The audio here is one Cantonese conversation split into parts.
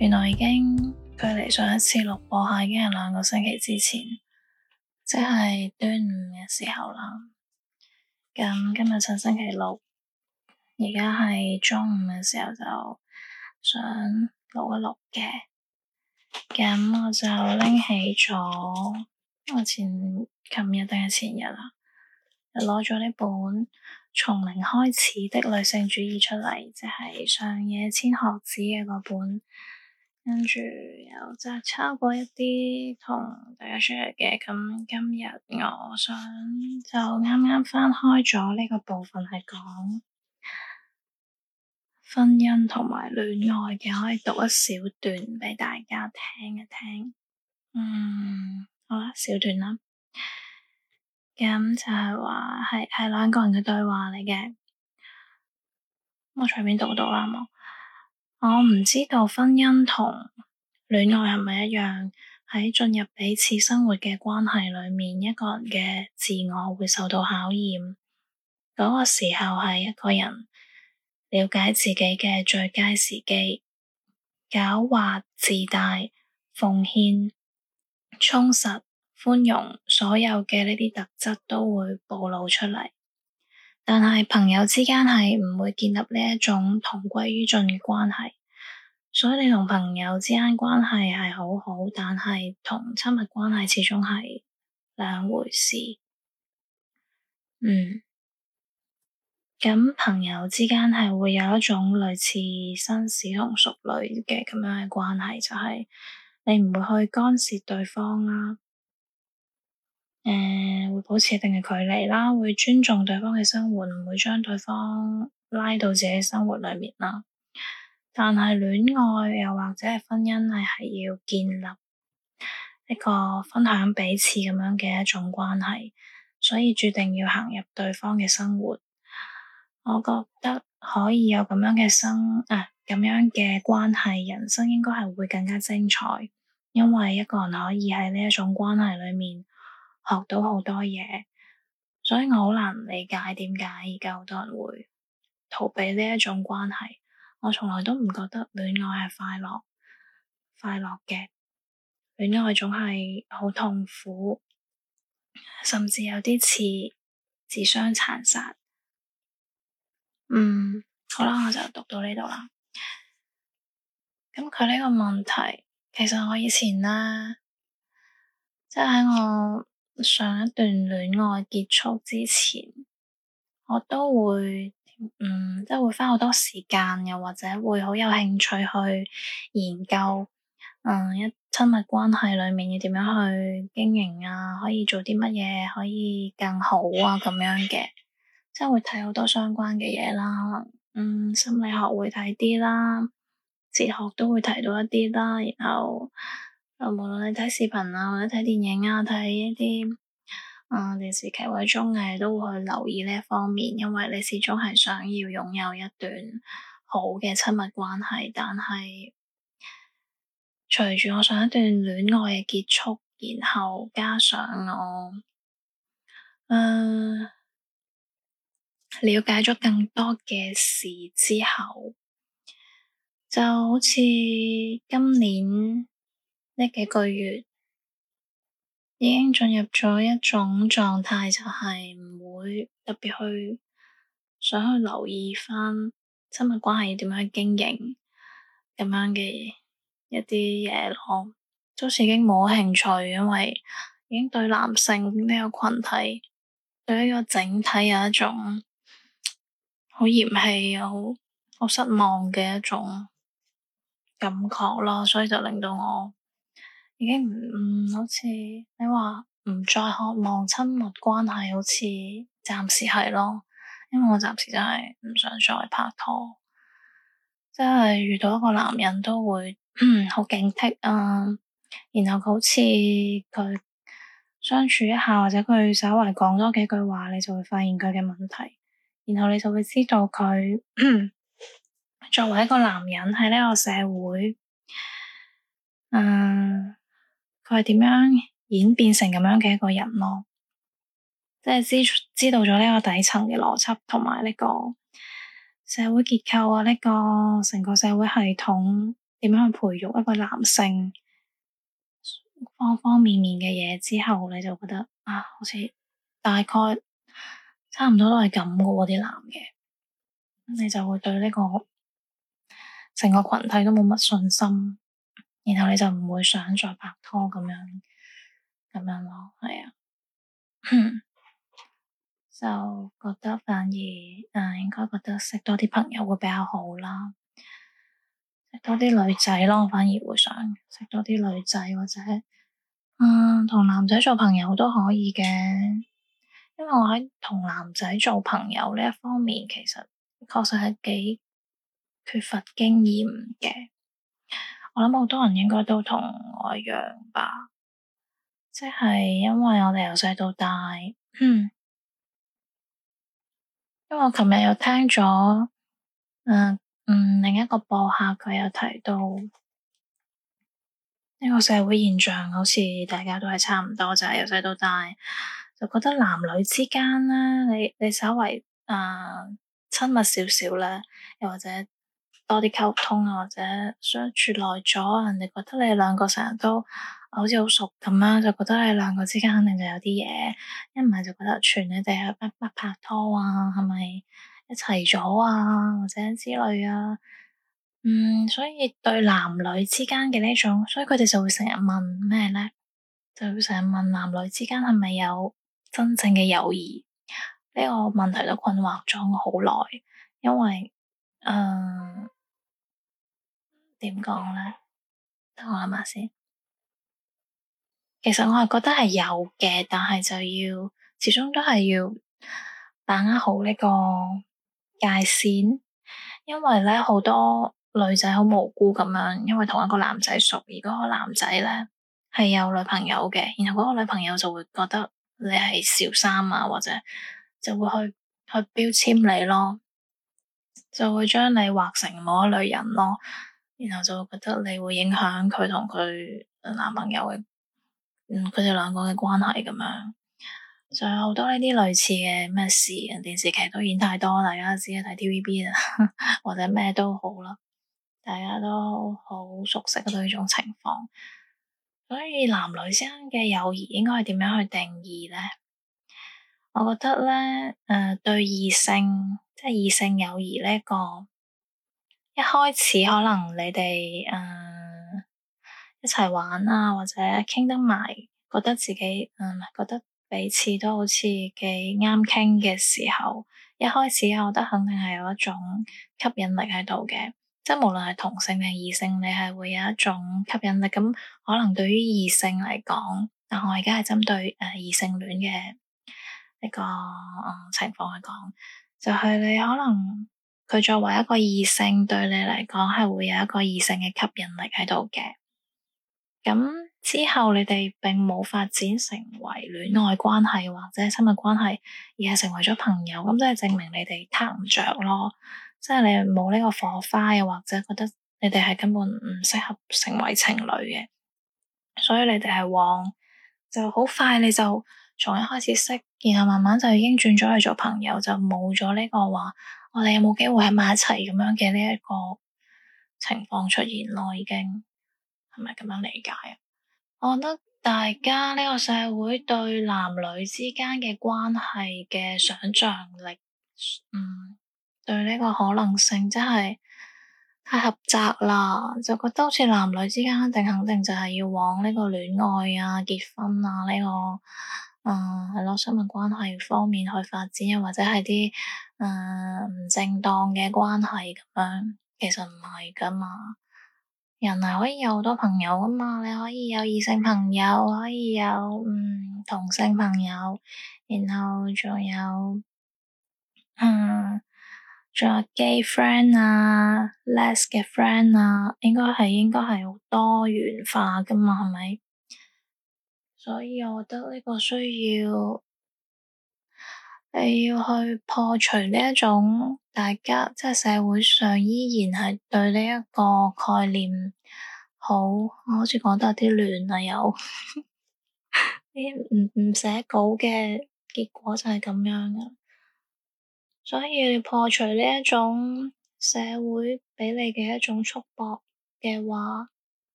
原來已經距離上一次錄播下已經係兩個星期之前，即係端午嘅時候啦。咁今日趁星期六，而家係中午嘅時候就想錄一錄嘅。咁我就拎起咗我前琴日定係前日啦，就攞咗呢本《從零開始的女性主義》出嚟，即係上野千鶴子嘅嗰本。跟住又就摘抄過一啲同大家 share 嘅，咁今日我想就啱啱翻開咗呢個部分係講婚姻同埋戀愛嘅，可以讀一小段俾大家聽一聽。嗯，好啦，小段啦，咁就係話係係兩個人嘅對話嚟嘅，我隨便讀到啦，好冇？我唔知道婚姻同戀愛係咪一樣，喺進入彼此生活嘅關係裏面，一個人嘅自我會受到考驗。嗰個時候係一個人了解自己嘅最佳時機，狡猾、自大、奉獻、充實、寬容，所有嘅呢啲特質都會暴露出嚟。但係朋友之間係唔會建立呢一種同歸於盡嘅關係，所以你同朋友之間關係係好好，但係同親密關係始終係兩回事。嗯，咁朋友之間係會有一種類似紳士同淑女嘅咁樣嘅關係，就係、是、你唔會去干涉對方啦、啊。誒、嗯，會保持一定嘅距離啦，會尊重對方嘅生活，唔會將對方拉到自己生活裏面啦。但係戀愛又或者係婚姻係係要建立一個分享彼此咁樣嘅一種關係，所以注定要行入對方嘅生活。我覺得可以有咁樣嘅生誒，啊、咁樣嘅關係，人生應該係會更加精彩，因為一個人可以喺呢一種關係裏面。學到好多嘢，所以我好難理解點解而家好多人會逃避呢一種關係。我從來都唔覺得戀愛係快樂，快樂嘅戀愛總係好痛苦，甚至有啲似自相殘殺。嗯，好啦，我就讀到呢度啦。咁佢呢個問題，其實我以前咧，即係喺我。上一段戀愛結束之前，我都會，嗯，即係會花好多時間，又或者會好有興趣去研究，嗯，一親密關係裏面要點樣去經營啊，可以做啲乜嘢可以更好啊咁樣嘅，即係會睇好多相關嘅嘢啦，嗯，心理學會睇啲啦，哲學都會睇到一啲啦，然後，無論你睇視頻啊，或者睇電影啊，睇一啲。啊！電視劇或者綜藝都會去留意呢一方面，因為你始終係想要擁有一段好嘅親密關係，但係隨住我上一段戀愛嘅結束，然後加上我誒、呃、了解咗更多嘅事之後，就好似今年呢幾個月。已經進入咗一種狀態，就係、是、唔會特別去想去留意翻親密關係點樣經營咁樣嘅一啲嘢咯，都似已經冇興趣，因為已經對男性呢個群體對呢個整體有一種好嫌棄好好失望嘅一種感覺咯，所以就令到我。已經唔好似你話唔再渴望親密關係，好似暫時係咯，因為我暫時就係唔想再拍拖，即係遇到一個男人都會好警惕啊，然後佢好似佢相處一下或者佢稍微講多幾句話，你就會發現佢嘅問題，然後你就會知道佢作為一個男人喺呢個社會，誒、呃。佢係點樣演變成咁樣嘅一個人咯？即係知知道咗呢個底層嘅邏輯，同埋呢個社會結構啊，呢個成個社會系統點樣去培育一個男性，方方面面嘅嘢之後，你就覺得啊，好似大概差唔多都係咁嘅喎，啲男嘅，咁你就會對呢個成個群體都冇乜信心。然後你就唔會想再拍拖咁樣，咁樣咯，係啊， 就覺得反而誒，應該覺得識多啲朋友會比較好啦，識多啲女仔咯，我反而會想識多啲女仔或者，啊、嗯，同男仔做朋友都可以嘅，因為我喺同男仔做朋友呢一方面，其實確實係幾缺乏經驗嘅。我諗好多人應該都同我一樣吧，即係因為我哋由細到大， 因為我琴日又聽咗，嗯、呃、嗯，另一個播客佢又提到呢個社會現象，好似大家都係差唔多，就係由細到大就覺得男女之間咧，你你稍微啊親、呃、密少少咧，又或者。多啲溝通啊，或者相處耐咗啊，人哋覺得你兩個成日都好似好熟咁啊，就覺得你兩個之間肯定就有啲嘢，一唔係就覺得傳你哋係乜拍拖啊，係咪一齊咗啊，或者之類啊，嗯，所以對男女之間嘅呢種，所以佢哋就會成日問咩咧，就會成日問男女之間係咪有真正嘅友誼？呢個問題都困惑咗我好耐，因為誒。呃點講咧？等我諗下先。其實我係覺得係有嘅，但係就要始終都係要把握好呢個界線，因為咧好多女仔好無辜咁樣，因為同一個男仔熟，而嗰個男仔咧係有女朋友嘅，然後嗰個女朋友就會覺得你係小三啊，或者就會去去標籤你咯，就會將你畫成某一類人咯。然後就會覺得你會影響佢同佢男朋友嘅，嗯，佢哋兩個嘅關係咁樣，就有好多呢啲類似嘅咩事，電視劇都演太多，大家自己睇 T V B 啊， 或者咩都好啦，大家都好熟悉呢種情況。所以男女之間嘅友誼應該係點樣去定義咧？我覺得咧，誒、呃，對異性，即係異性友誼呢、呢個。一開始可能你哋誒、呃、一齊玩啊，或者傾得埋，覺得自己誒、嗯、覺得彼此都好似幾啱傾嘅時候，一開始、啊、我覺得肯定係有一種吸引力喺度嘅，即係無論係同性定異性，你係會有一種吸引力。咁可能對於異性嚟講，但我而家係針對誒異性戀嘅呢個情況嚟講，就係、是、你可能。佢作為一個異性對你嚟講係會有一個異性嘅吸引力喺度嘅。咁之後你哋並冇發展成為戀愛關係或者係親密關係，而係成為咗朋友，咁即係證明你哋睇唔着咯，即係你冇呢個火花，又或者覺得你哋係根本唔適合成為情侶嘅。所以你哋係往就好快，你就從一開始識，然後慢慢就已經轉咗去做朋友，就冇咗呢個話。我哋、哦、有冇機會喺埋一齊咁樣嘅呢一個情況出現咯？已經係咪咁樣理解啊？我覺得大家呢個社會對男女之間嘅關係嘅想象力，嗯，對呢個可能性真係太狹窄啦，就覺得好似男女之間一定肯定就係要往呢個戀愛啊、結婚啊呢、這個。嗯，係咯，親密關係方面去發展，又或者係啲誒唔正當嘅關係咁樣，其實唔係噶嘛。人係可以有好多朋友噶嘛，你可以有異性朋友，可以有嗯同性朋友，然後仲有嗯仲有 gay friend 啊、les 嘅 friend 啊，應該係應該係多元化噶嘛，係咪？所以我覺得呢個需要你要去破除呢一種大家即係、就是、社會上依然係對呢一個概念好。我好似講得有啲亂啊，有啲唔唔寫稿嘅結果就係咁樣嘅，所以你要破除呢一種社會俾你嘅一種束縛嘅話，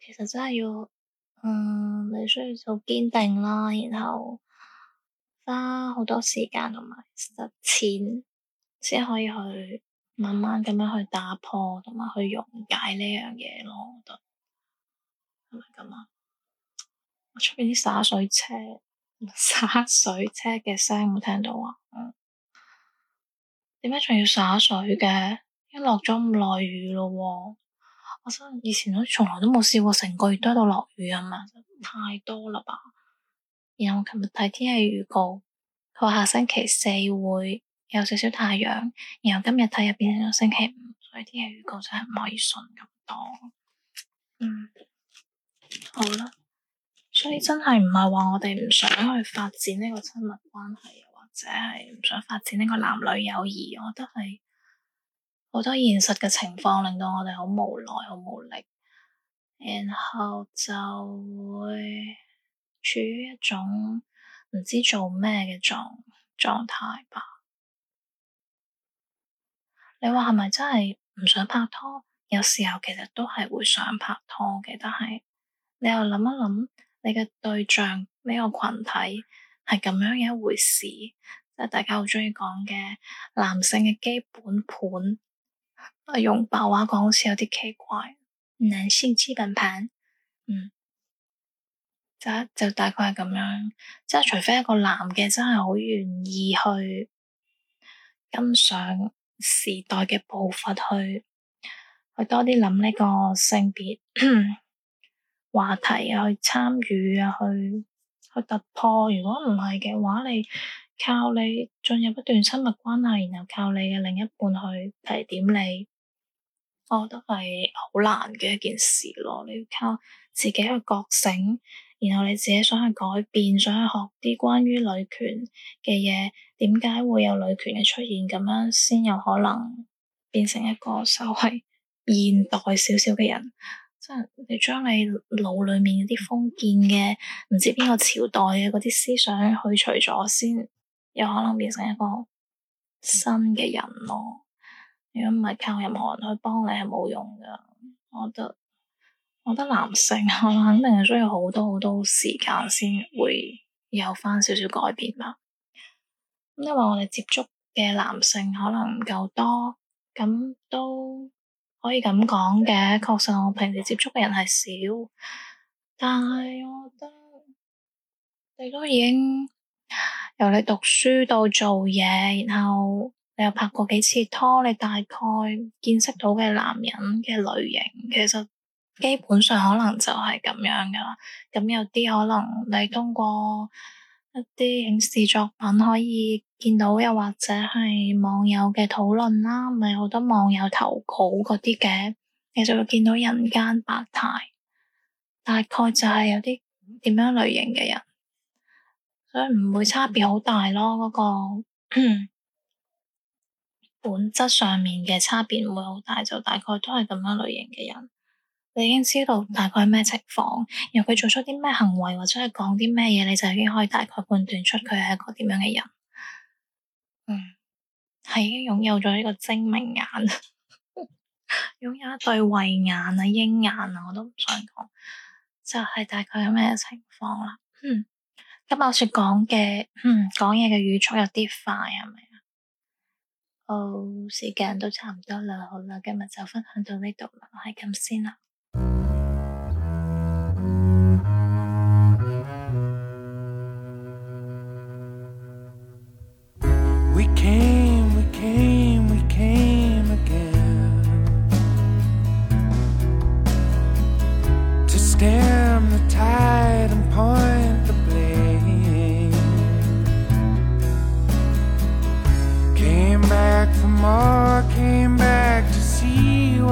其實真係要。嗯，你需要做堅定啦，然後花好多時間同埋實踐，先 可以去慢慢咁樣去打破同埋去溶解呢樣嘢咯。我覺得係咪咁啊？我出邊啲灑水車，灑水車嘅聲有冇聽到啊？點解仲要灑水嘅？因為落咗咁耐雨咯喎！以前都從來都冇試過成個月都喺度落雨啊嘛，太多啦吧。然後我琴日睇天氣預告，佢話下星期四會有少少太陽，然後今日睇又變成咗星期五，所以天氣預告真係唔可以信咁多。嗯，好啦，所以真係唔係話我哋唔想去發展呢個親密關係，又或者係唔想發展呢個男女友誼，我覺得係。好多現實嘅情況令到我哋好無奈、好無力，然後就會處於一種唔知做咩嘅狀狀態吧。你話係咪真係唔想拍拖？有時候其實都係會想拍拖嘅，但係你又諗一諗，你嘅對象呢個群體係咁樣嘅一回事，即係大家好中意講嘅男性嘅基本盤。用白話講好似有啲奇怪。男性資本盤，嗯，就，就大概係咁樣。即係除非一個男嘅真係好願意去跟上時代嘅步伐去，去去多啲諗呢個性別 話題去參與啊，去參與去，去突破。如果唔係嘅話，你靠你進入一段親密關係，然後靠你嘅另一半去提點你。我覺得係好難嘅一件事咯，你要靠自己去覺醒，然後你自己想去改變，想去學啲關於女權嘅嘢，點解會有女權嘅出現咁樣，先有可能變成一個稍係現代少少嘅人，即係你將你腦裏面啲封建嘅，唔知邊個朝代嘅嗰啲思想去除咗先，有可能變成一個新嘅人咯。如果唔係靠任何人去幫你，係冇用噶。我覺得，我覺得男性我肯定係需要好多好多時間先會有翻少少改變啦。因為我哋接觸嘅男性可能唔夠多，咁都可以咁講嘅。確實我平時接觸嘅人係少，但係我覺得你都已經由你讀書到做嘢，然後。你有拍過幾次拖？你大概見識到嘅男人嘅類型，其實基本上可能就係咁樣噶啦。咁有啲可能你通過一啲影視作品可以見到，又或者係網友嘅討論啦，咪好多網友投稿嗰啲嘅，你就會見到人間百態。大概就係有啲點樣類型嘅人，所以唔會差別好大咯。嗰個。 本質上面嘅差別唔會好大，就大概都係咁樣類型嘅人。你已經知道大概係咩情況，然後佢做出啲咩行為或者係講啲咩嘢，你就已經可以大概判斷出佢係一個點樣嘅人。嗯，係已經擁有咗一個精明眼，擁 有一對慧眼啊、鷹眼啊，我都唔想講，就係、是、大概係咩情況啦、嗯。今日我哋講嘅嗯，講嘢嘅語速有啲快，係咪？哦，oh，時間都差唔多啦，好啦，今日就分享到呢度啦，我係咁先啦。